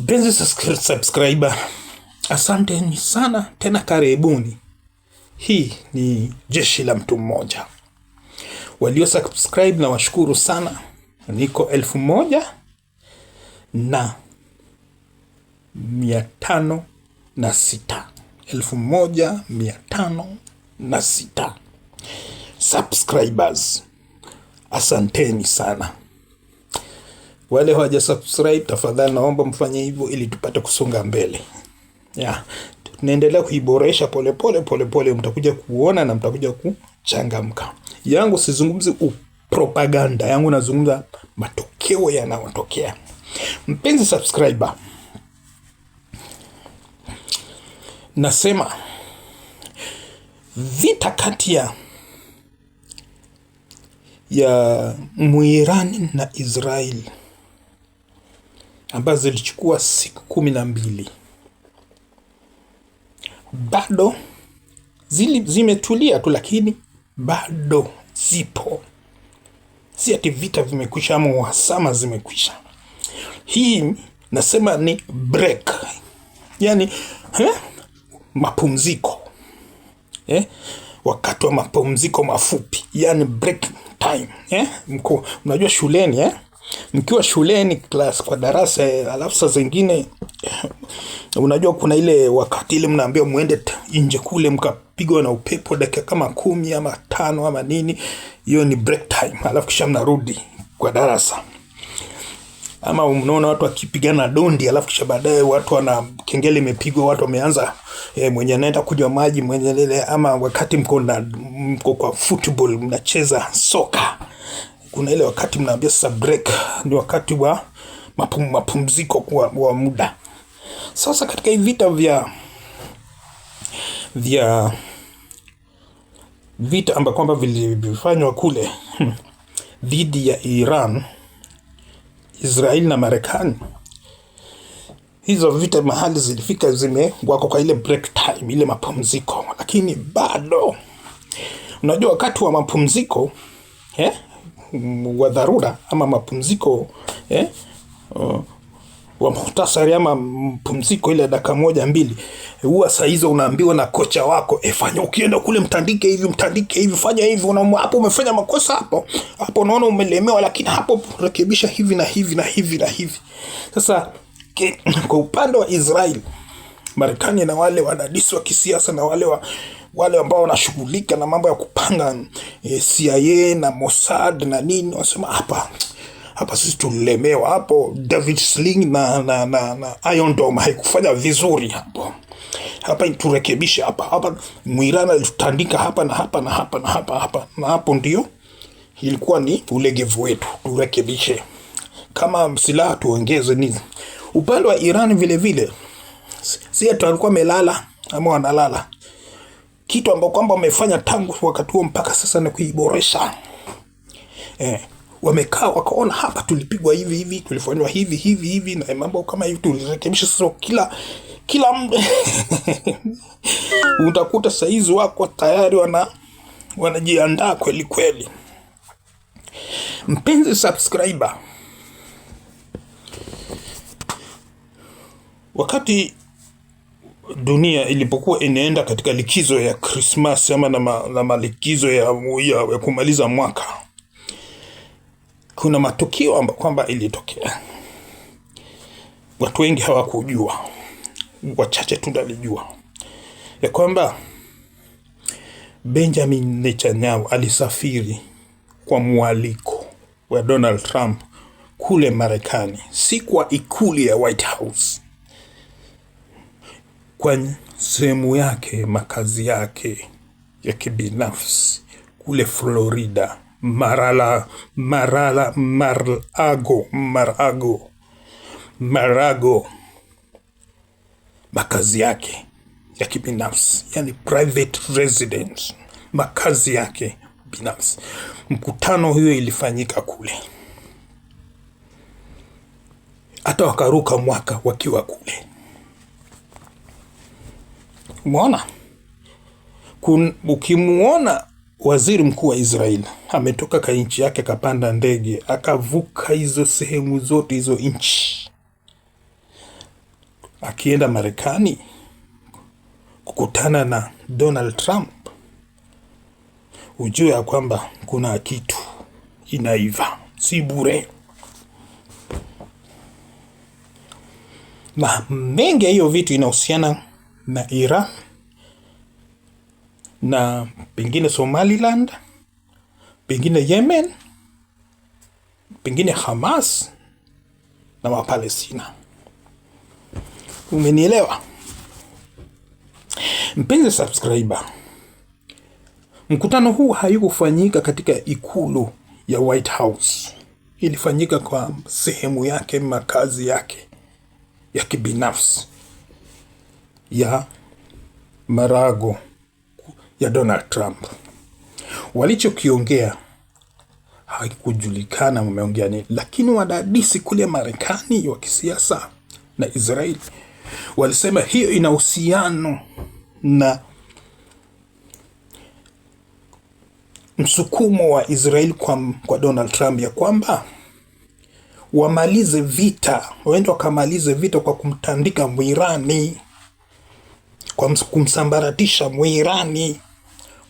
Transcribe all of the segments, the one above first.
Mpenzi subscriber, asanteni sana tena, karibuni. Hii ni jeshi la mtu mmoja. Walio subscribe na washukuru sana, niko elfu moja na mia tano na sita elfu moja mia tano na sita subscribers, asanteni sana. Wale hawaja subscribe tafadhali, naomba mfanye hivyo ili tupate kusonga mbele yeah. Tunaendelea kuiboresha polepole polepole, mtakuja kuona na mtakuja kuchangamka. Yangu sizungumzi propaganda yangu, nazungumza matokeo yanayotokea. Mpenzi subscriber, nasema vita kati ya ya Muirani na Israeli ambazo zilichukua siku kumi na mbili bado zili, zimetulia tu, lakini bado zipo, si ati vita vimekwisha ama uhasama zimekwisha. Hii nasema ni break, yani he? Eh, mapumziko he? Eh, wakati wa mapumziko mafupi, yani break time eh, Mko, unajua shuleni he? mkiwa shuleni class kwa darasa, alafu saa zingine eh, unajua kuna ile wakati ile mnaambiwa muende nje kule mkapigwa na upepo dakika kama kumi ama tano ama nini, hiyo ni break time, alafu kisha mnarudi kwa darasa ama mnaona watu wakipigana dondi, alafu kisha baadaye watu wana kengele imepigwa, watu wameanza e, mwenye anaenda kunywa maji mwenye lele, ama wakati mko na mko kwa football mnacheza soka kuna ile wakati mnaambia sasa break ni wakati wa mapum, mapumziko kwa wa muda. Sasa katika hivi vita vya vya vita amba kwamba vilifanywa kule hmm, dhidi ya Iran, Israeli na Marekani, hizo vita mahali zilifika zime wako kwa ile break time, ile mapumziko, lakini bado unajua wakati wa mapumziko eh? wa dharura ama mapumziko eh, uh, wa muhtasari ama mpumziko ile dakika moja mbili, huwa saa hizo unaambiwa na kocha wako e, fanya ukienda kule mtandike hivi mtandike hivi fanya hivi, una hapo umefanya makosa hapo hapo, unaona umelemewa, lakini hapo rekebisha hivi na hivi na hivi na hivi. Sasa ke, kwa upande wa Israeli, Marekani na wale wadadisi wa kisiasa na wale wa wale ambao wanashughulika na mambo ya kupanga e, eh, CIA na Mossad na nini, wanasema hapa hapa sisi tulilemewa hapo. David Sling na, na, na, na Iron Dome haikufanya vizuri hapo, hapa turekebishe hapa hapa. Mwirana alitutandika hapa na hapa na hapa na hapa hapa na hapo, ndio ilikuwa ni ulegevu wetu, turekebishe. Kama silaha tuongeze nini. Upande wa Iran vilevile, si alikuwa amelala ama wanalala kitu ambao kwamba wamefanya tangu wakati huo mpaka sasa na kuiboresha. Eh, wamekaa wakaona, hapa tulipigwa hivi hivi, tulifanywa hivi hivi hivi na mambo kama hivi, tulirekebisha. Sasa kila kila utakuta saizi wako tayari wana wanajiandaa kweli kweli. Mpenzi subscriber, wakati dunia ilipokuwa inaenda katika likizo ya Krismasi ama na, ma, na malikizo ya, ya, ya kumaliza mwaka, kuna matukio kwamba ilitokea, watu wengi hawakujua, wachache tu walijua ya kwamba Benjamin Netanyahu alisafiri kwa mwaliko wa Donald Trump kule Marekani, si kwa ikulu ya White House kwa sehemu yake makazi yake ya kibinafsi kule Florida Marala, Marala, Marago, Marago, Marago, makazi yake ya kibinafsi yani private residence, makazi yake binafsi. Mkutano hiyo ilifanyika kule, hata wakaruka mwaka wakiwa kule. Umeona, ukimwona waziri mkuu wa Israeli ametoka ka nchi yake akapanda ndege akavuka hizo sehemu zote hizo nchi akienda Marekani kukutana na Donald Trump, ujue ya kwamba kuna kitu inaiva, si bure. Na mengi ya hiyo vitu inahusiana na Iraq na pengine Somaliland, pengine Yemen, pengine Hamas na Wapalestina. Umenielewa mpenzi subscriber? Mkutano huu haikufanyika katika ikulu ya White House, ilifanyika kwa sehemu yake, makazi yake ya kibinafsi ya marago ya Donald Trump. Walichokiongea haikujulikana wameongea nini, lakini wadadisi kule Marekani wa kisiasa na Israeli walisema hiyo ina uhusiano na msukumo wa Israeli kwa, kwa Donald Trump ya kwamba wamalize vita, waende wakamalize vita kwa kumtandika mwirani kwa kumsambaratisha Mwirani,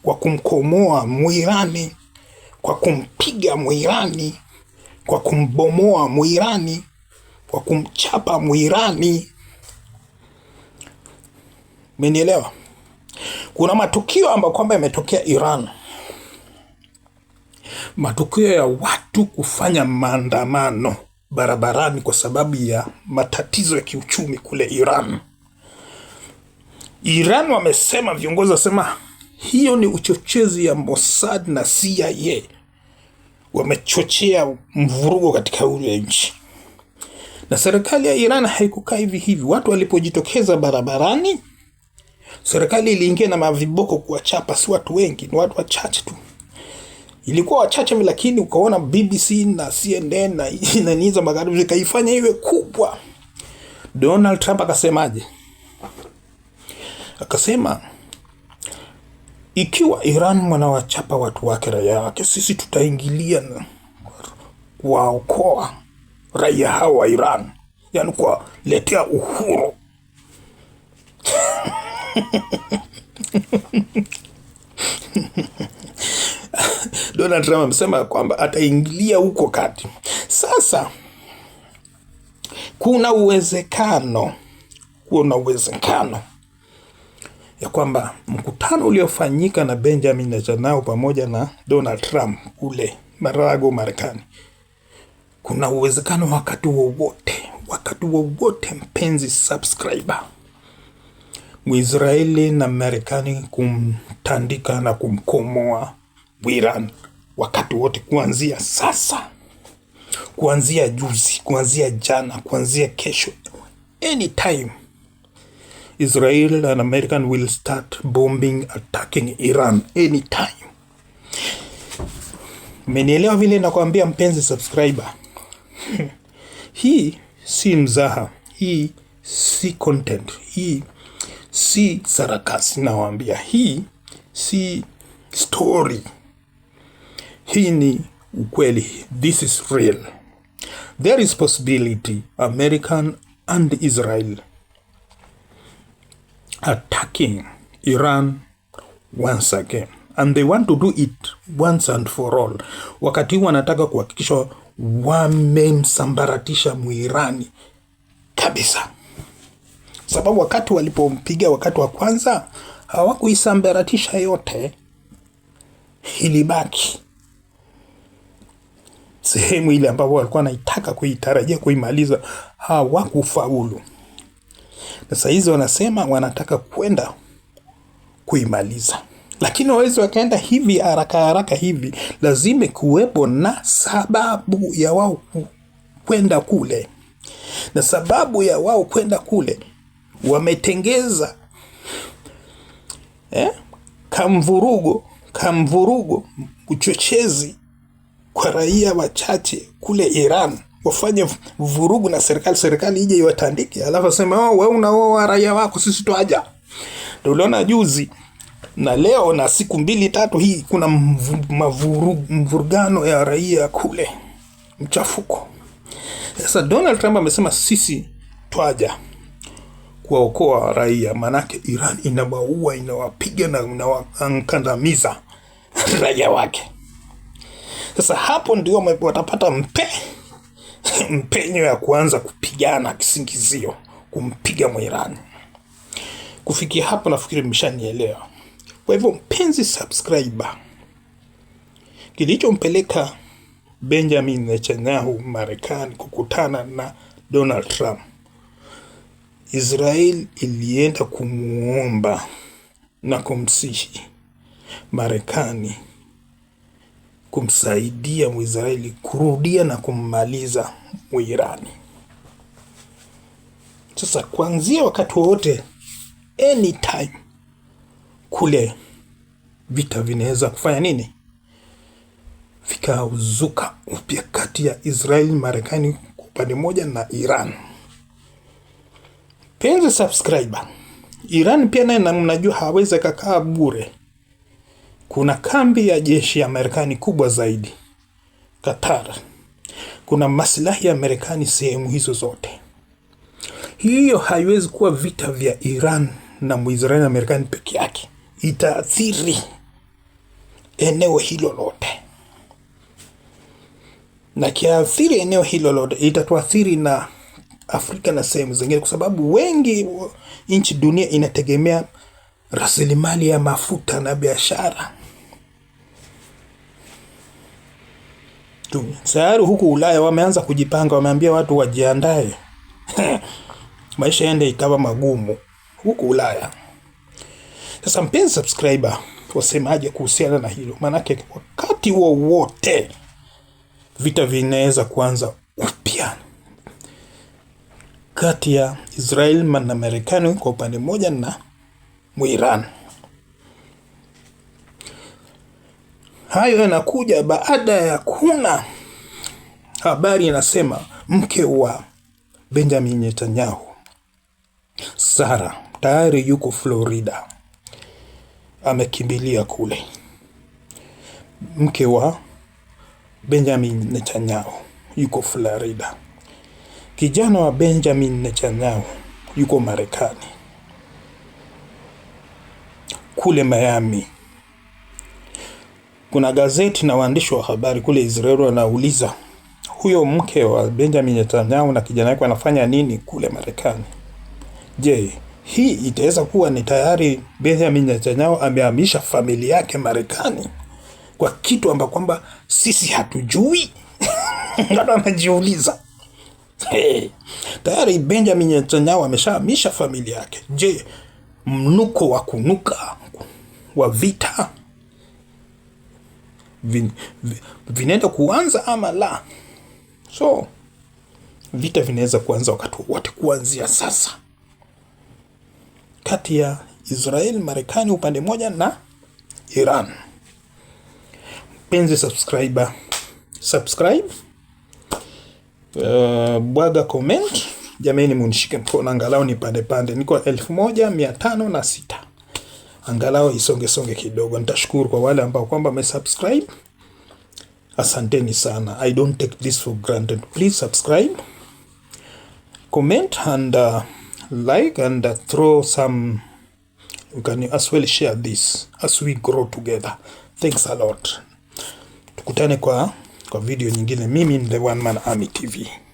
kwa kumkomoa Mwirani, kwa kumpiga Mwirani, kwa kumbomoa Mwirani, kwa kumchapa Mwirani. Menielewa? Kuna matukio ambayo kwamba yametokea Iran, matukio ya watu kufanya maandamano barabarani kwa sababu ya matatizo ya kiuchumi kule Iran. Iran wamesema, viongozi wasema hiyo ni uchochezi ya Mossad na CIA, wamechochea mvurugo katika ule nchi. Na serikali ya Iran haikukaa hivi hivi. Watu walipojitokeza barabarani, serikali iliingia na maviboko kuwachapa, si watu wengi, ni watu wachache tu ilikuwa wachache, lakini ukaona BBC na CNN na nani magharibi zikaifanya iwe kubwa. Donald Trump akasemaje? Akasema ikiwa Iran mwanawachapa watu wake raia wake, sisi tutaingilia kuwaokoa raia hao wa Iran, yani kuwaletea uhuru Donald Trump amesema kwamba ataingilia huko kati. Sasa kuna uwezekano, kuna uwezekano ya kwamba mkutano uliofanyika na Benjamin Netanyahu pamoja na Donald Trump ule Marago Marekani, kuna uwezekano wakati wowote, wakati wowote, mpenzi subscriber, Mwisraeli na Marekani kumtandika na kumkomoa Iran wakati wote, kuanzia sasa, kuanzia juzi, kuanzia jana, kuanzia kesho, anytime. Israel and American will start bombing attacking Iran anytime. Mmenielewa vile nakwambia mpenzi subscriber? Hii si mzaha, hii si content, hii si sarakasi nawaambia, hii si story, hii ni ukweli. This is real. There is possibility American and Israel attacking Iran once again and they want to do it once and for all. Wakati huu wanataka kuhakikisha wamemsambaratisha Muirani kabisa, sababu wakati walipompiga wakati wa kwanza hawakuisambaratisha yote, ilibaki sehemu ile ambapo walikuwa wanaitaka kuitarajia kuimaliza, hawakufaulu na saa hizi wanasema wanataka kwenda kuimaliza, lakini wawezi wakaenda hivi haraka haraka hivi. Lazima kuwepo na sababu ya wao kwenda kule, na sababu ya wao kwenda kule wametengeza eh, kamvurugo kamvurugo, uchochezi kwa raia wachache kule Iran wafanye vurugu na serikali, serikali ije iwatandike, alafu aseme oh, wewe unaoa raia wako, sisi twaja. Ndio uliona juzi na leo na siku mbili tatu hii kuna mvurugano ya raia kule, mchafuko. Sasa Donald Trump amesema sisi twaja kuwaokoa raia, maanake Iran inawaua, inawapiga na inawakandamiza raia wake. Sasa hapo ndio watapata mpe mpenyo ya kuanza kupigana kisingizio kumpiga Mwirani. Kufikia hapo nafikiri mmeshanielewa. Kwa hivyo, mpenzi subscriber, kilichompeleka Benjamin Netanyahu Marekani kukutana na Donald Trump, Israel ilienda kumuomba na kumsihi Marekani kumsaidia Mwisraeli kurudia na kummaliza Mwirani. Sasa kuanzia wakati wowote, anytime kule vita vinaweza kufanya nini, vikauzuka upya kati ya Israeli, Marekani kwa upande mmoja na Iran. Penzi subscriber, Iran pia naye mnajua hawezi kakaa bure. Kuna kambi ya jeshi ya Marekani kubwa zaidi Qatar. Kuna maslahi ya Marekani sehemu hizo zote. Hiyo haiwezi kuwa vita vya Iran na Muisraeli na Marekani peke yake, itaathiri eneo hilo lote, na kiathiri eneo hilo lote itatuathiri na Afrika na sehemu zingine, kwa sababu wengi nchi dunia inategemea rasilimali ya mafuta na biashara tayari. Huku Ulaya wameanza kujipanga, wameambia watu wajiandae maisha yende ikawa magumu huku Ulaya. Sasa mpenzi subscriber, wasemaje kuhusiana na hilo? Maanake wakati wowote vita vinaweza kuanza upya kati ya Israel na Marekani kwa upande mmoja na mu Iran. Hayo yanakuja baada ya kuna habari inasema mke wa Benjamin Netanyahu Sara tayari yuko Florida, amekimbilia kule, mke wa Benjamin Netanyahu yuko Florida. Kijana wa Benjamin Netanyahu yuko Marekani kule Miami. Kuna gazeti na waandishi wa habari kule Israeli wanauliza huyo mke wa Benjamin Netanyahu na kijana wake wanafanya nini kule Marekani? Je, hii itaweza kuwa ni tayari Benjamin Netanyahu amehamisha familia yake Marekani kwa kitu ambacho kwamba sisi hatujui? Ndio anajiuliza hey, tayari Benjamin Netanyahu ameshahamisha familia yake. Je, mnuko wa kunuka wa vita vin, vin, vinaenda kuanza ama la. So vita vinaweza kuanza wakati wote kuanzia sasa, kati ya Israel Marekani upande mmoja na Iran. Mpenzi subscriber, subscribe uh, bwaga comment. Jamani, munishike mkono angalau nipandepande, niko elfu moja mia tano na sita angalau isonge songe kidogo. Nitashukuru kwa wale ambao kwamba wamesubscribe, asanteni sana. I don't take this for granted. Please subscribe, comment and uh, like and uh, throw some you can as well share this as we grow together. Thanks a lot. Tukutane kwa kwa video nyingine. Mimi ni The One Man Army TV.